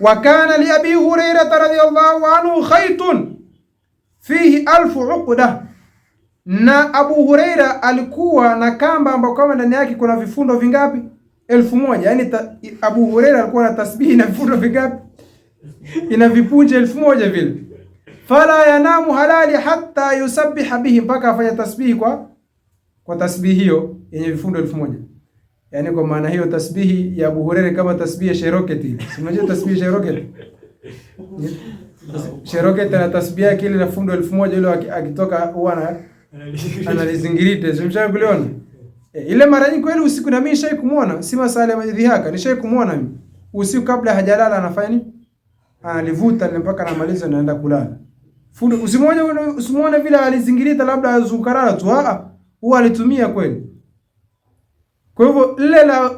wa kana li abi hurairata radhiyallahu anhu khaitun fihi alfu uqda, na Abu Huraira alikuwa na kamba ambayo kama ndani yake kuna vifundo vingapi? elfu moja. Yani ta, Abu Huraira alikuwa na tasbihi na vifundo vingapi? ina vipunje elfu moja vile. Fala yanamu halali hatta yusabbiha bihi, mpaka afanya tasbihi kwa kwa tasbihi hiyo yenye vifundo elfu moja. Yaani kwa maana hiyo tasbihi ya Abu Hurairah kama tasbihi ya Sheroketi ile. Si unajua tasbihi ya Sheroketi? Sheroketi na tasbihi yake ile na fundo elfu moja ile akitoka huwa na analizingirite. Simshaa kuliona? E, ile mara nyingi kweli usiku na mimi nishai kumuona, si masala ya madhihaka, nishai kumuona mimi. Usiku kabla hajalala anafanya nini? Analivuta mpaka anamaliza anaenda kulala. Fundo usimuone usimuone vile alizingirita labda azukarara tu. Ah, huwa alitumia kweli. Kwa hivyo lile la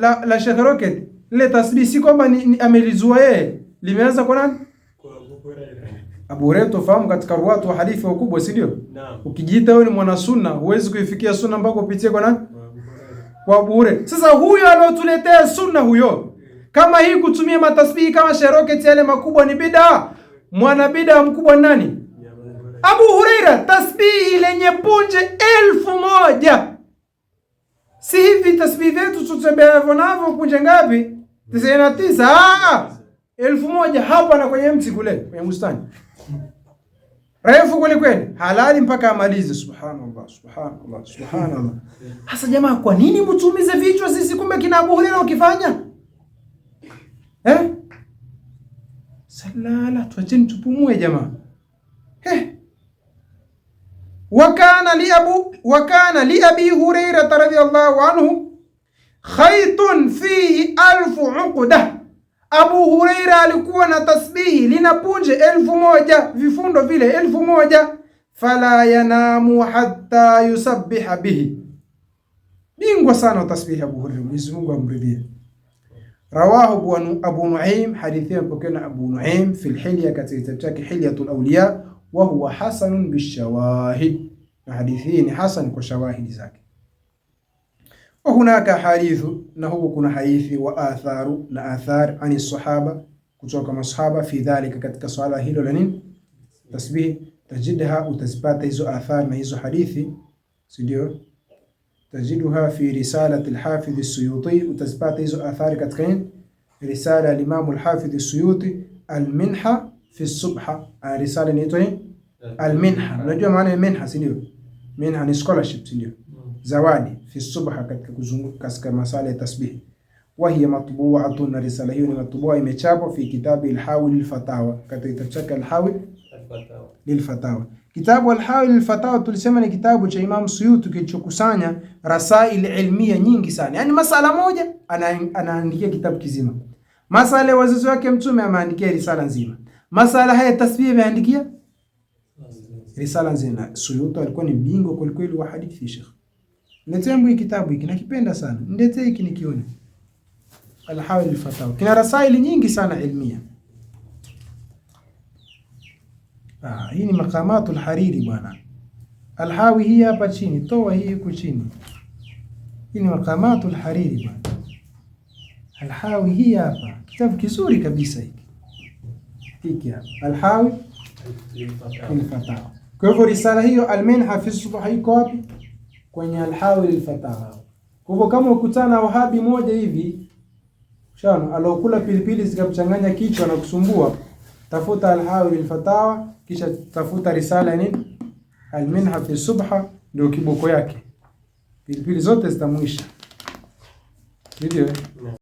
la, la Sheikh Rocket lile tasbih si kwamba ni, ni amelizua yeye, limeanza kwa nani? Kwa Abu Hurairah. Tufahamu katika ruwatu wa hadithi wakubwa, si ndio? Naam. Ukijiita wewe ni mwana sunna, huwezi kuifikia sunna mpaka upitie kwa nani? Kwa Abu Hurairah. Sasa huyo anaotuletea sunna huyo, kama hii kutumia matasbihi kama Sheikh Rocket yale makubwa ni bid'a, mwana bid'a mkubwa nani? Abu Hurairah, tasbihi lenye punje elfu moja Si hivi tasbihi vyetu tutembeavyo navyo kunje ngapi? tisini na tisa ah, elfu moja hapa na kwenye mti kule kwenye bustani refu kule kweli, halali mpaka amalize. Subhanallah, subhanallah, subhanallah. Hasa jamaa, kwa nini mtumize vichwa sisi, kumbe kina Abu Hurairah ukifanya eh? Salala, tuacheni tupumue jamaa eh wakana li abu wakana li abi hurairata radhiyallahu anhu khaytun fihi alfu uqda, Abu Huraira alikuwa na tasbihi lina punje elfu moja vifundo vile elfu moja fala yanamu hatta yusabbiha bihi. Bingwa sana tasbihi Abu Huraira, Mwenyezi Mungu amridhie. Rawahu Abu Nuaim, hadithi mpokea na Abu Nuaim fi hilya katika kitabu chake Hilyatul Awliya, wa huwa hasanun bishawahid na hadithi hii ni hasan kwa shawahidi zake. Wa hunaka hadithu, na huko kuna hadithi wa atharu na athar ani sahaba, kutoka masahaba fi dhalika, katika swala hilo la nini tasbihi, tajidha, utazipata hizo athar na hizo hadithi, si ndio? tajiduha fi risalati al-Hafidh as-Suyuti, utazipata hizo athari katika nini? Risala ya Imam al-Hafidh as-Suyuti al-Minha fi as-Subha, risala inaitwa nini? Al-Minha. Unajua maana ya minha, si ndio? minha ni scholarships ndio mm. zawadi fi subha, katika kuzunguka katika masala ya tasbihi. Wa hiya matbu'atun, na risala hiyo ni matbua, imechapwa fi kitabi al-Hawi lil-Fatawa, katika kitabu chake al-Hawi lil-Fatawa. Kitabu al-Hawi lil-Fatawa tulisema ni kitabu cha Imam Suyuti kilichokusanya rasail ilmia nyingi sana, yani masala moja anaandikia kitabu kizima. Masala ya wazazi wake Mtume ameandikia risala nzima. Masala haya ameandikia risala zina Suyuti alikuwa ni bingwa kweli kweli wa hadithi Sheikh. Niletee mimi kitabu hiki nakipenda sana. Niletee hiki nikione. Al-Hawali al-Fatawa. Kina rasaili nyingi sana ilmia. Ah, hii ni Maqamatul hariri bwana. Alhawi hii hapa chini, toa hii huko chini. Hii ni Maqamatul hariri bwana. Alhawi hii hapa, kitabu kizuri kabisa hiki. Hiki hapa. Alhawi al-Fatawa. Kwa hivyo risala hiyo Alminha hafiz Subha iko wapi? Kwenye Alhawil Alfataha. Kwa hivyo kama ukutana na wahabi moja hivi shano alokula pilipili zikamchanganya kichwa na kusumbua, tafuta Alhawil Alfataha, kisha tafuta risala ni Alminha hafiz Subha, ndio kiboko yake, pilipili zote zitamwisha, ndio.